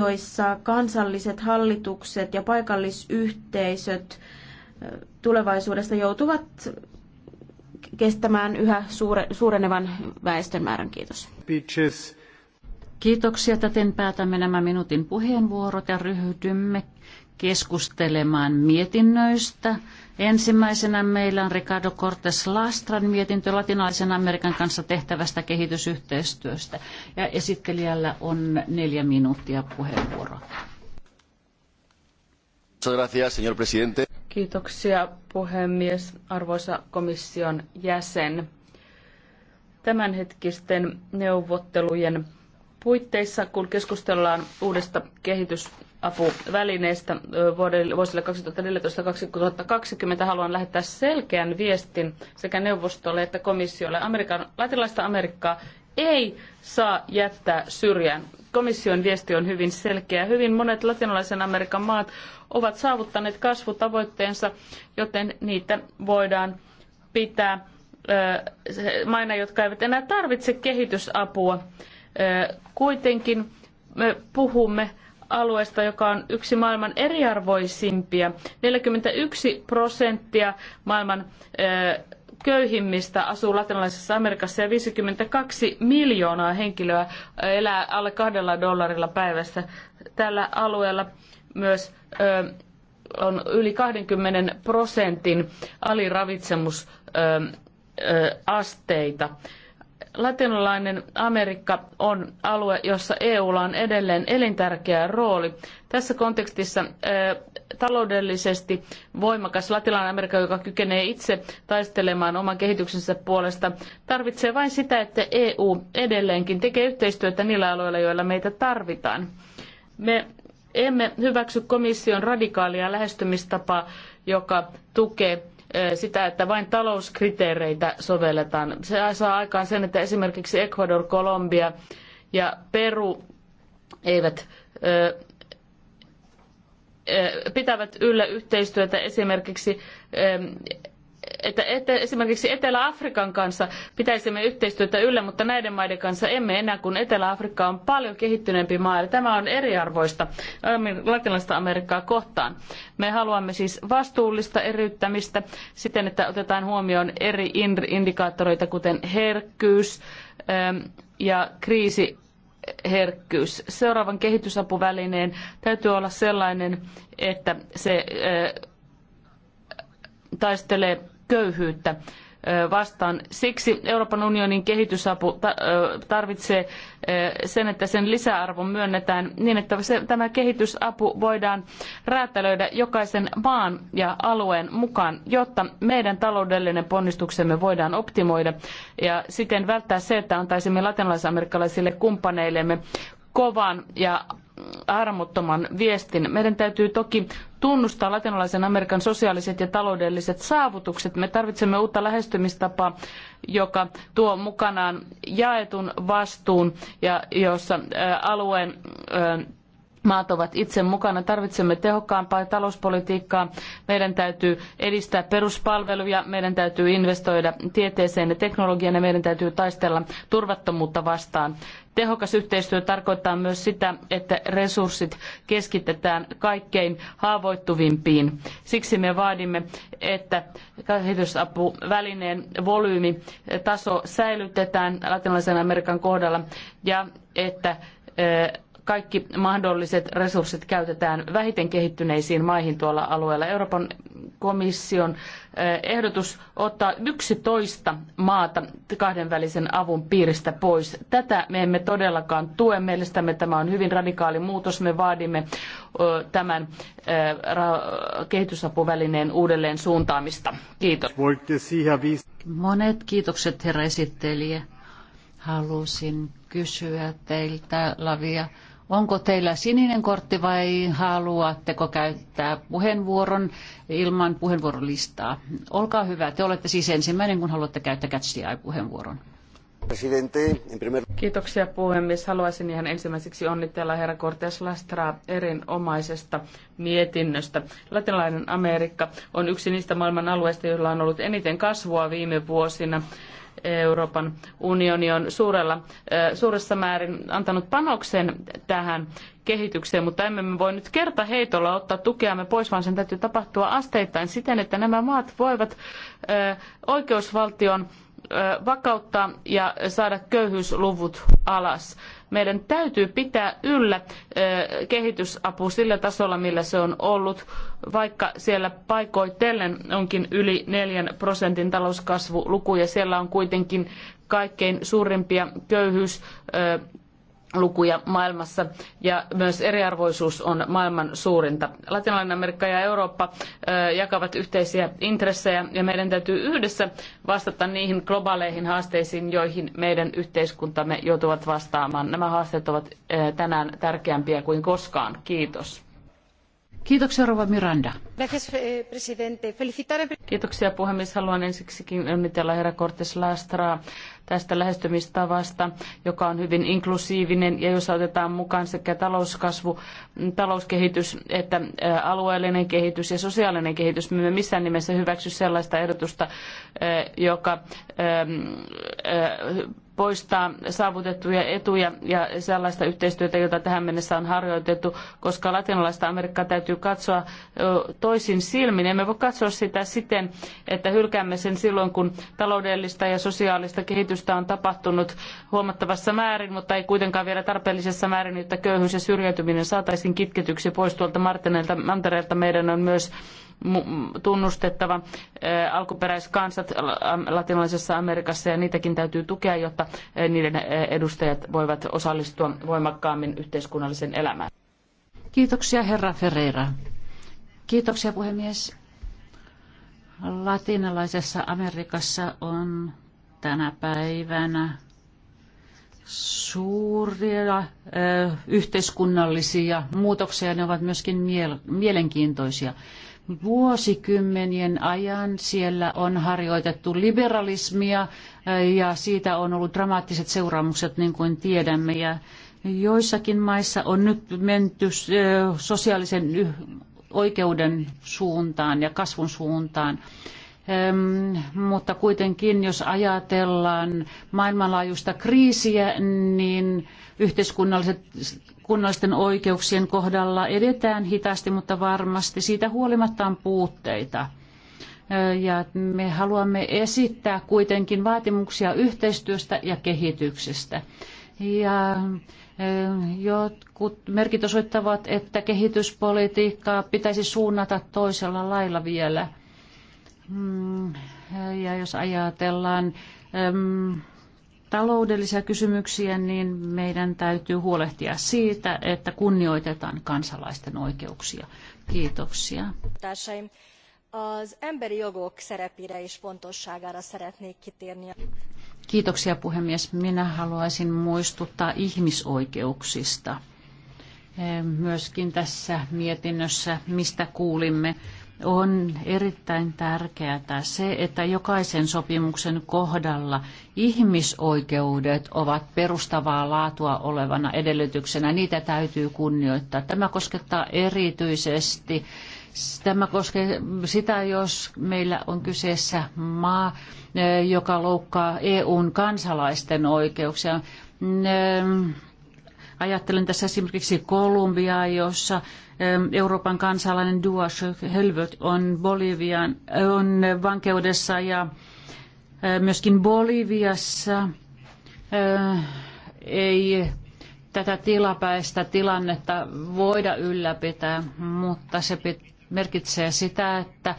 joissa kansalliset hallitukset ja paikallisyhteisöt tulevaisuudesta joutuvat kestämään yhä suure, suurenevan väestönmäärän. Kiitos. Pitches. Kiitoksia. Täten päätämme nämä minuutin puheenvuorot ja ryhdymme keskustelemaan mietinnöistä. Ensimmäisenä meillä on Ricardo Cortes Lastran mietintö latinalaisen Amerikan kanssa tehtävästä kehitysyhteistyöstä. Ja esittelijällä on neljä minuuttia puheenvuoro. Kiitoksia puhemies, arvoisa komission jäsen. Tämänhetkisten neuvottelujen puitteissa, kun keskustellaan uudesta kehitys- apuvälineistä vuosille 2014-2020 haluan lähettää selkeän viestin sekä neuvostolle että komissiolle. Amerikan, latinalaista Amerikkaa ei saa jättää syrjään. Komission viesti on hyvin selkeä. Hyvin monet latinalaisen Amerikan maat ovat saavuttaneet kasvutavoitteensa, joten niitä voidaan pitää maina, jotka eivät enää tarvitse kehitysapua. Kuitenkin me puhumme alueesta, joka on yksi maailman eriarvoisimpia. 41 prosenttia maailman köyhimmistä asuu latinalaisessa Amerikassa ja 52 miljoonaa henkilöä elää alle kahdella dollarilla päivässä tällä alueella myös on yli 20 prosentin aliravitsemusasteita. Latinalainen Amerikka on alue, jossa EUlla on edelleen elintärkeä rooli. Tässä kontekstissa taloudellisesti voimakas Latinalainen Amerikka, joka kykenee itse taistelemaan oman kehityksensä puolesta, tarvitsee vain sitä, että EU edelleenkin tekee yhteistyötä niillä aloilla, joilla meitä tarvitaan. Me emme hyväksy komission radikaalia lähestymistapaa, joka tukee sitä, että vain talouskriteereitä sovelletaan. Se saa aikaan sen, että esimerkiksi Ecuador, Kolumbia ja Peru eivät pitävät yllä yhteistyötä esimerkiksi että esimerkiksi Etelä-Afrikan kanssa pitäisimme yhteistyötä yllä, mutta näiden maiden kanssa emme enää, kun Etelä-Afrikka on paljon kehittyneempi maa. Eli tämä on eriarvoista latinalaista Amerikkaa kohtaan. Me haluamme siis vastuullista eriyttämistä siten, että otetaan huomioon eri indikaattoreita, kuten herkkyys ähm, ja kriisi herkkyys. Seuraavan kehitysapuvälineen täytyy olla sellainen, että se äh, taistelee köyhyyttä vastaan. Siksi Euroopan unionin kehitysapu tarvitsee sen, että sen lisäarvo myönnetään niin, että se, tämä kehitysapu voidaan räätälöidä jokaisen maan ja alueen mukaan, jotta meidän taloudellinen ponnistuksemme voidaan optimoida ja siten välttää se, että antaisimme latinalaisamerikkalaisille kumppaneillemme kovan ja armottoman viestin. Meidän täytyy toki tunnustaa latinalaisen Amerikan sosiaaliset ja taloudelliset saavutukset. Me tarvitsemme uutta lähestymistapaa, joka tuo mukanaan jaetun vastuun ja jossa alueen maat ovat itse mukana. Tarvitsemme tehokkaampaa talouspolitiikkaa. Meidän täytyy edistää peruspalveluja, meidän täytyy investoida tieteeseen ja teknologiaan ja meidän täytyy taistella turvattomuutta vastaan. Tehokas yhteistyö tarkoittaa myös sitä, että resurssit keskitetään kaikkein haavoittuvimpiin. Siksi me vaadimme, että kehitysapuvälineen volyymi taso säilytetään Latinalaisen Amerikan kohdalla ja että eh, kaikki mahdolliset resurssit käytetään vähiten kehittyneisiin maihin tuolla alueella. Euroopan komission eh, ehdotus ottaa 11 maata kahdenvälisen avun piiristä pois. Tätä me emme todellakaan tue. Mielestämme tämä on hyvin radikaali muutos. Me vaadimme eh, tämän eh, kehitysapuvälineen uudelleen suuntaamista. Kiitos. Monet kiitokset herra esittelijä. Halusin kysyä teiltä, Lavia Onko teillä sininen kortti vai haluatteko käyttää puheenvuoron ilman puheenvuorolistaa? Olkaa hyvä, te olette siis ensimmäinen, kun haluatte käyttää CatchDI-puheenvuoron. Kiitoksia puhemies. Haluaisin ihan ensimmäiseksi onnitella herra Cortes Lastraa erinomaisesta mietinnöstä. Latinalainen Amerikka on yksi niistä maailman alueista, joilla on ollut eniten kasvua viime vuosina. Euroopan unioni on suurella, suuressa määrin antanut panoksen tähän kehitykseen, mutta emme me voi nyt kerta heitolla ottaa tukeamme pois, vaan sen täytyy tapahtua asteittain siten, että nämä maat voivat oikeusvaltion vakauttaa ja saada köyhyysluvut alas. Meidän täytyy pitää yllä kehitysapu sillä tasolla, millä se on ollut, vaikka siellä paikoitellen onkin yli neljän prosentin talouskasvuluku ja siellä on kuitenkin kaikkein suurimpia köyhyys lukuja maailmassa ja myös eriarvoisuus on maailman suurinta. Latinalainen Amerikka ja Eurooppa jakavat yhteisiä intressejä ja meidän täytyy yhdessä vastata niihin globaaleihin haasteisiin, joihin meidän yhteiskuntamme joutuvat vastaamaan. Nämä haasteet ovat tänään tärkeämpiä kuin koskaan. Kiitos. Kiitoksia Rova Miranda. Eh, Kiitoksia puhemies. Haluan ensiksikin onnitella herra Cortes Lastraa tästä lähestymistavasta, joka on hyvin inklusiivinen ja jossa otetaan mukaan sekä talouskasvu, mm, talouskehitys että eh, alueellinen kehitys ja sosiaalinen kehitys. Me emme missään nimessä hyväksy sellaista ehdotusta, eh, joka poistaa saavutettuja etuja ja sellaista yhteistyötä, jota tähän mennessä on harjoitettu, koska latinalaista Amerikkaa täytyy katsoa toisin silmin. Emme voi katsoa sitä siten, että hylkäämme sen silloin, kun taloudellista ja sosiaalista kehitystä on tapahtunut huomattavassa määrin, mutta ei kuitenkaan vielä tarpeellisessa määrin, jotta köyhyys ja syrjäytyminen saataisiin kitketyksi pois tuolta mantereelta. Meidän on myös tunnustettava äh, alkuperäiskansat latinalaisessa Amerikassa ja niitäkin täytyy tukea, jotta äh, niiden äh, edustajat voivat osallistua voimakkaammin yhteiskunnalliseen elämään. Kiitoksia herra Ferreira. Kiitoksia puhemies. Latinalaisessa Amerikassa on tänä päivänä suuria yhteiskunnallisia muutoksia. Ne ovat myöskin mielenkiintoisia. Vuosikymmenien ajan siellä on harjoitettu liberalismia ja siitä on ollut dramaattiset seuraamukset, niin kuin tiedämme. Ja joissakin maissa on nyt menty sosiaalisen oikeuden suuntaan ja kasvun suuntaan mutta kuitenkin jos ajatellaan maailmanlaajuista kriisiä, niin yhteiskunnalliset oikeuksien kohdalla edetään hitaasti, mutta varmasti siitä huolimatta on puutteita. Ja me haluamme esittää kuitenkin vaatimuksia yhteistyöstä ja kehityksestä. Ja jotkut merkit osoittavat, että kehityspolitiikkaa pitäisi suunnata toisella lailla vielä – Hmm. Ja jos ajatellaan ähm, taloudellisia kysymyksiä, niin meidän täytyy huolehtia siitä, että kunnioitetaan kansalaisten oikeuksia. Kiitoksia. Az emberi jogok szerepére és fontosságára szeretnék kitérni. Kiitoksia puhemies. Minä haluaisin muistuttaa ihmisoikeuksista. Myöskin tässä mietinnössä, mistä kuulimme, on erittäin tärkeää se, että jokaisen sopimuksen kohdalla ihmisoikeudet ovat perustavaa laatua olevana edellytyksenä. Niitä täytyy kunnioittaa. Tämä koskettaa erityisesti Tämä koskee sitä, jos meillä on kyseessä maa, joka loukkaa EUn kansalaisten oikeuksia Ajattelen tässä esimerkiksi Kolumbiaa, jossa Euroopan kansalainen Duas Helvöt on, Bolivian, on vankeudessa ja e, myöskin Boliviassa e, ei tätä tilapäistä tilannetta voida ylläpitää, mutta se pitää merkitsee sitä, että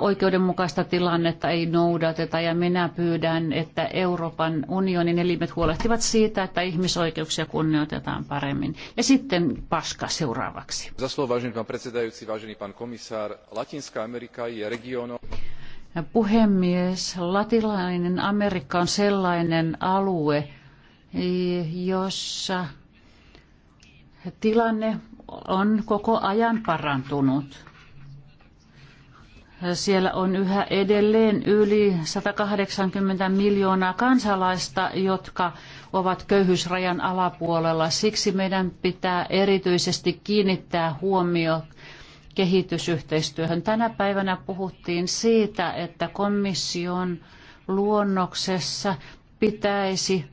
oikeudenmukaista tilannetta ei noudateta ja minä pyydän, että Euroopan unionin elimet huolehtivat siitä, että ihmisoikeuksia kunnioitetaan paremmin. Ja sitten Paska seuraavaksi. Puhemies, latinalainen Amerikka on sellainen alue, jossa tilanne on koko ajan parantunut siellä on yhä edelleen yli 180 miljoonaa kansalaista, jotka ovat köyhyysrajan alapuolella. Siksi meidän pitää erityisesti kiinnittää huomio kehitysyhteistyöhön. Tänä päivänä puhuttiin siitä, että komission luonnoksessa pitäisi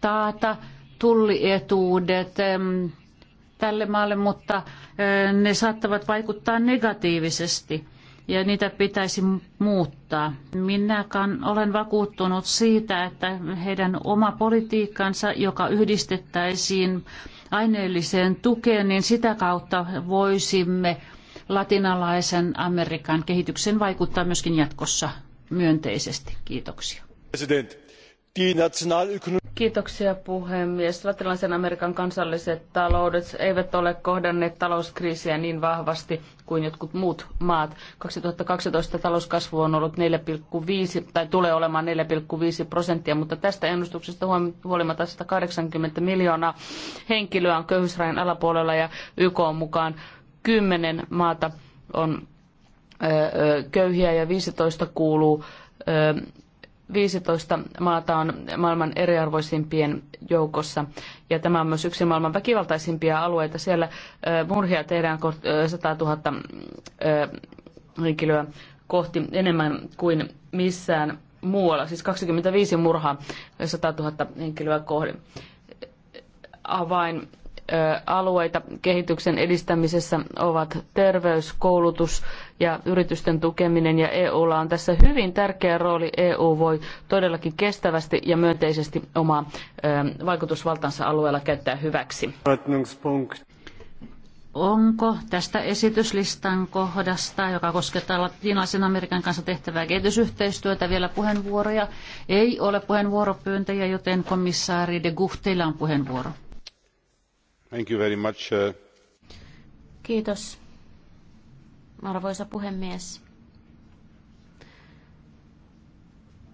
taata tullietuudet tälle maalle, mutta ne saattavat vaikuttaa negatiivisesti – ja niitä pitäisi muuttaa. Minäkään olen vakuuttunut siitä, että heidän oma politiikkansa, joka yhdistettäisiin aineelliseen tukeen, niin sitä kautta voisimme latinalaisen Amerikan kehityksen vaikuttaa myöskin jatkossa myönteisesti. Kiitoksia. President. Die Kiitoksia puhemies. Latinalaisen Amerikan kansalliset taloudet eivät ole kohdanneet talouskriisiä niin vahvasti kuin jotkut muut maat. 2012 talouskasvu on ollut 4,5 tai tulee olemaan 4,5 prosenttia, mutta tästä ennustuksesta huolimatta 180 miljoonaa henkilöä on köyhyysrajan alapuolella ja YK on mukaan 10 maata on köyhiä ja 15 kuuluu 15 maata on maailman eriarvoisimpien joukossa. Ja tämä on myös yksi maailman väkivaltaisimpia alueita. Siellä murhia tehdään 100 000 henkilöä kohti enemmän kuin missään muualla. Siis 25 murhaa 100 000 henkilöä kohden. Avain alueita kehityksen edistämisessä ovat terveys, koulutus ja yritysten tukeminen ja EUlla on tässä hyvin tärkeä rooli. EU voi todellakin kestävästi ja myönteisesti omaa vaikutusvaltansa alueella käyttää hyväksi. Onko tästä esityslistan kohdasta, joka koskettaa latinalaisen Amerikan kanssa tehtävää kehitysyhteistyötä, vielä puheenvuoroja? Ei ole puheenvuoropyyntöjä, joten komissaari de Gucht, on puheenvuoro. Thank you very much. Uh, Kiitos, arvoisa puhemies.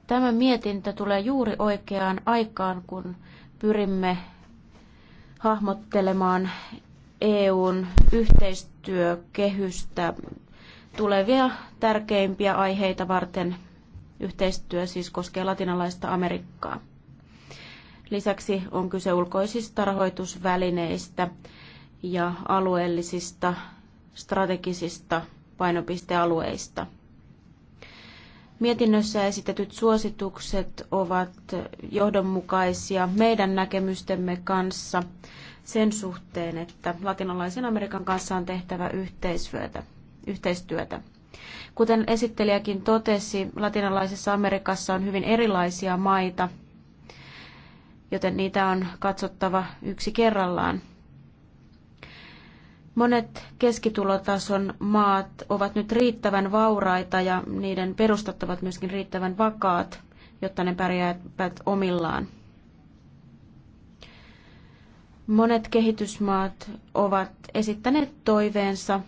Tämä mietintö tulee juuri oikeaan aikaan, kun pyrimme hahmottelemaan EUn yhteistyökehystä tulevia tärkeimpiä aiheita varten. Yhteistyö siis koskee latinalaista Amerikkaa. Lisäksi on kyse ulkoisista rahoitusvälineistä ja alueellisista strategisista painopistealueista. Mietinnössä esitetyt suositukset ovat johdonmukaisia meidän näkemystemme kanssa sen suhteen, että latinalaisen Amerikan kanssa on tehtävä yhteistyötä. Kuten esittelijäkin totesi, latinalaisessa Amerikassa on hyvin erilaisia maita – joten niitä on katsottava yksi kerrallaan. Monet keskitulotason maat ovat nyt riittävän vauraita ja niiden perustat ovat myöskin riittävän vakaat, jotta ne pärjäävät omillaan. Monet kehitysmaat ovat esittäneet toiveensa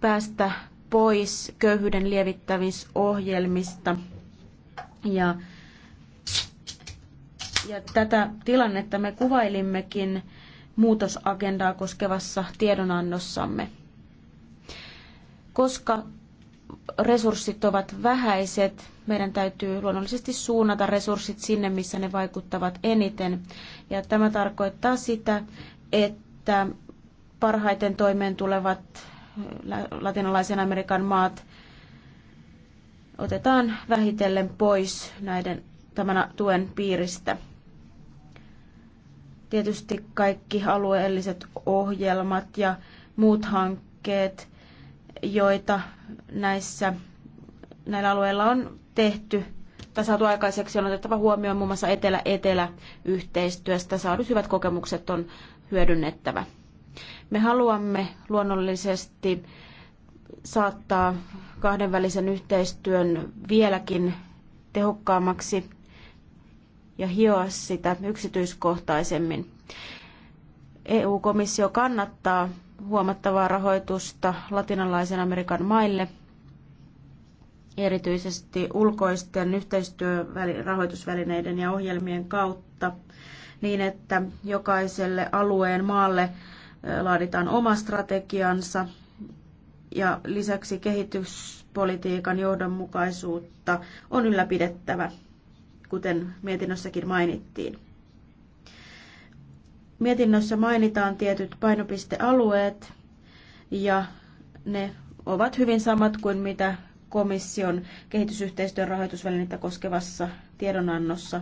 päästä pois köyhyyden lievittävissä ohjelmista ja ja tätä tilannetta me kuvailimmekin muutosagendaa koskevassa tiedonannossamme. Koska resurssit ovat vähäiset, meidän täytyy luonnollisesti suunnata resurssit sinne, missä ne vaikuttavat eniten. Ja tämä tarkoittaa sitä, että parhaiten toimeen tulevat latinalaisen Amerikan maat otetaan vähitellen pois näiden tämän tuen piiristä. Tietysti kaikki alueelliset ohjelmat ja muut hankkeet, joita näissä, näillä alueilla on tehty tai saatu aikaiseksi, on otettava huomioon muun muassa etelä-etelä-yhteistyöstä. Saadut hyvät kokemukset on hyödynnettävä. Me haluamme luonnollisesti saattaa kahdenvälisen yhteistyön vieläkin tehokkaammaksi ja hioa sitä yksityiskohtaisemmin. EU-komissio kannattaa huomattavaa rahoitusta latinalaisen Amerikan maille, erityisesti ulkoisten yhteistyörahoitusvälineiden ja ohjelmien kautta, niin että jokaiselle alueen maalle laaditaan oma strategiansa ja lisäksi kehityspolitiikan johdonmukaisuutta on ylläpidettävä kuten mietinnössäkin mainittiin. Mietinnössä mainitaan tietyt painopistealueet ja ne ovat hyvin samat kuin mitä komission kehitysyhteistyön rahoitusvälinettä koskevassa tiedonannossa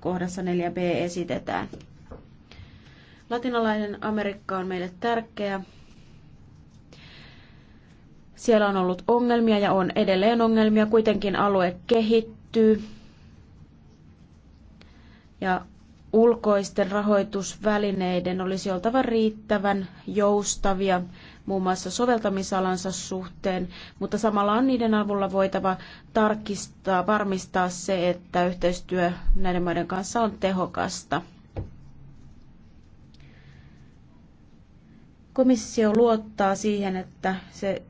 kohdassa 4b esitetään. Latinalainen Amerikka on meille tärkeä. Siellä on ollut ongelmia ja on edelleen ongelmia. Kuitenkin alue kehittyy ja ulkoisten rahoitusvälineiden olisi oltava riittävän joustavia muun muassa soveltamisalansa suhteen, mutta samalla on niiden avulla voitava tarkistaa, varmistaa se, että yhteistyö näiden maiden kanssa on tehokasta. Komissio luottaa siihen, että se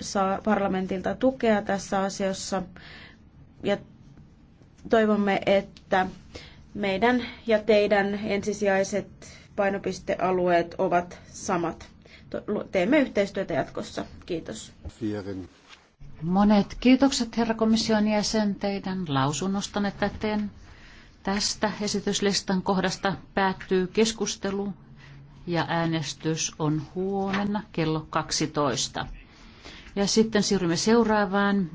saa parlamentilta tukea tässä asiassa ja toivomme, että meidän ja teidän ensisijaiset painopistealueet ovat samat. Teemme yhteistyötä jatkossa. Kiitos. Fierin. Monet kiitokset herra komission jäsen teidän lausunnostanne täten. Tästä esityslistan kohdasta päättyy keskustelu ja äänestys on huomenna kello 12. Ja sitten siirrymme seuraavaan